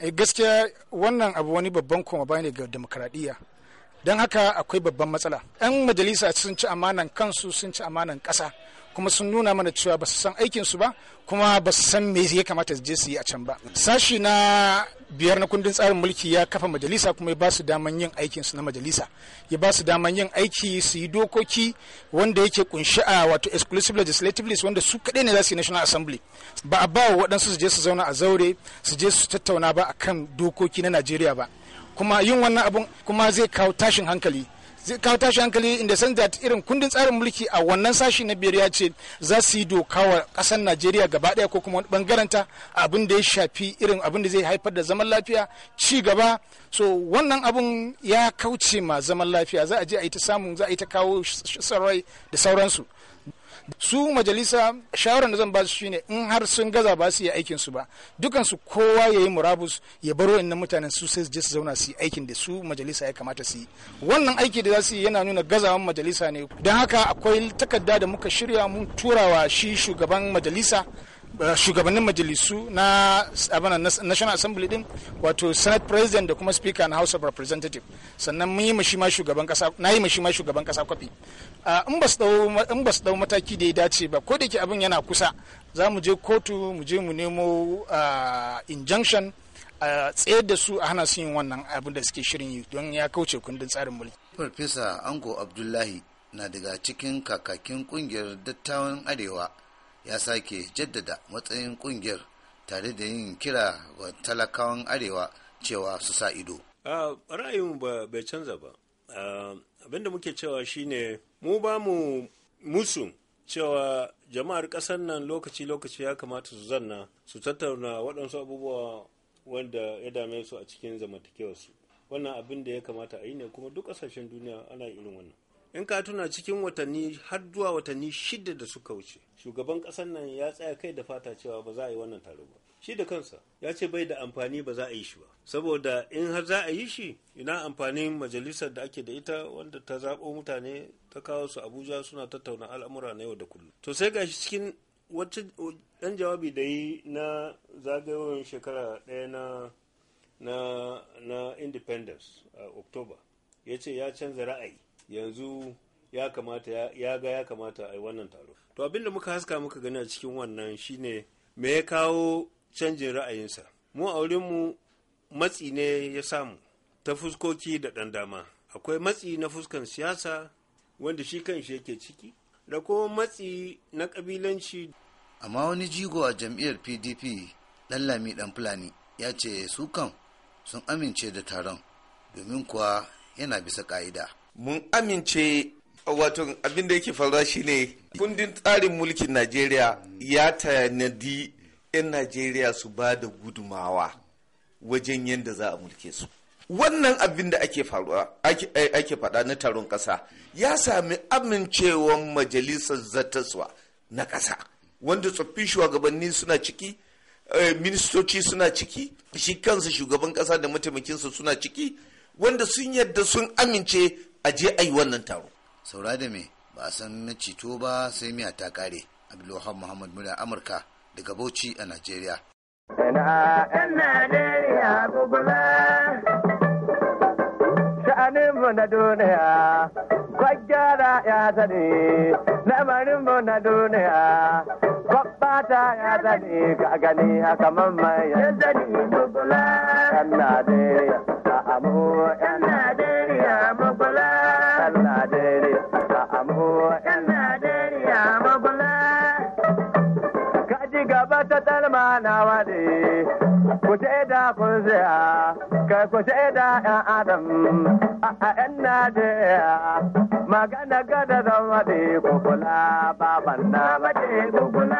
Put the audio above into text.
Eh, gaskiya wannan abu wani babban koma ne ga demokradiyya don haka akwai babban matsala 'yan majalisa sun ci amanan kansu sun ci amanan kasa kuma sun nuna mana cewa ba su san aikinsu ba kuma ba su san me ya kamata su je su yi a can ba sashi na biyar na kundin tsarin mulki ya kafa majalisa kuma ya ba su daman yin aikin na majalisa ya ba su daman yin aiki su yi dokoki wanda yake kunshi a wato exclusive legislative list wanda su kaɗai ne za su yi national assembly ba a ba wa waɗansu su je su zauna a zaure su je su tattauna ba akan dokoki na najeriya ba kuma yin wannan abun kuma zai kawo tashin hankali zai kawo tashin hankali inda san da irin kundin tsarin mulki a wannan sashi na biyar ya ce za su yi doka wa kasar najeriya gaba daya ko kuma bangaranta abin da ya shafi irin abin da zai haifar da zaman lafiya ci gaba so wannan abun ya kauce ma zaman lafiya za a je a yi ta samun za a yi ta kawo sarrai da sauransu su majalisa shawaran da zan ba su shine in har sun gaza ba su yi aikin su ba dukan su kowa ya yi murabus ya baro inna mutanen su sai je su zauna su yi aikin da su majalisa ya kamata su yi wannan aiki da za su yi yana nuna gazawan majalisa ne don haka akwai takarda da muka shirya mun turawa shi shugaban majalisa Eh, shugabannin majalisu na abana national assembly din wato senate president da kuma speaker na house of representative sannan mun yi mashi ma shugaban kasa na yi shi ma shugaban kasa kwafi eh, in ba su dau mataki da ya dace ba ko da ke abin yana kusa za mu je kotu mu je mu nemo eh, injunction a tsayar da su a hana su yin wannan abin da suke shirin yi don ya kauce kundin tsarin mulki farfesa ango abdullahi na daga cikin kakakin kungiyar dattawan arewa ya sake jaddada matsayin kungiyar tare da yin kira ga talakawan arewa cewa su sa ido. ra'ayin bai canza ba abinda muke cewa shine mu ba mu musu cewa jama'ar ƙasar nan lokaci-lokaci ya kamata su zanna su tattauna waɗansu abubuwa wanda ya dame su a cikin zamantakewarsu wannan abin da ya kamata a yi ne kuma duk ƙasashen duniya ana irin wannan in ka tuna cikin watanni har zuwa watanni shida da suka wuce shugaban ƙasar nan ya tsaya kai da fata cewa ba za a yi wannan taro ba shi da kansa ya ce bai da amfani ba za a yi shi ba saboda in har za a yi shi ina amfanin majalisar da ake da ita wanda ta zaɓo mutane ta kawo su abuja suna tattauna al'amura na yau da kullum to sai gashi cikin wacce ɗan jawabi da yi na zagayowar shekara ɗaya na na independence a october ya ce ya canza ra'ayi yanzu ya kamata ya ga ya kamata a yi wannan taro to abin da muka haska muka gani a cikin wannan shine me ya kawo canjin ra'ayinsa mu a mu matsi ne ya samu ta fuskoki da ɗan dama akwai matsi na fuskan siyasa wanda shi kan shi yake ciki da kuma matsi na ƙabilanci amma wani jigo a jam'iyyar pdp lallami ɗan fulani ya ce su kan sun amince da taron domin kuwa yana bisa ƙa'ida mun amince wato abin da yake faruwa shine kundin tsarin mulkin najeriya ya tanadi 'yan najeriya su ba da gudumawa wajen yadda za a mulke su wannan abin da ake faruwa ake faɗa na taron ƙasa ya sami amincewan majalisar zattaswa na ƙasa wanda tsoffin shugabanni suna ciki eh, ministoci suna ciki shi kansa shugaban ƙasa da mataimakinsa suna ciki wanda sun yadda sun amince a je a wannan taro saura da me ba a san na cito ba sai miya ta kare abdulwahab muhammad murya amurka daga bauchi a nigeria. na duniya kwaggara ya sani lamarinmu na duniya babbata ya sani ka gani haka mamman ya sani kowa na waɗe ku kun kai ku da yan adam a yan najeriya magana gada zan waɗe ku baban na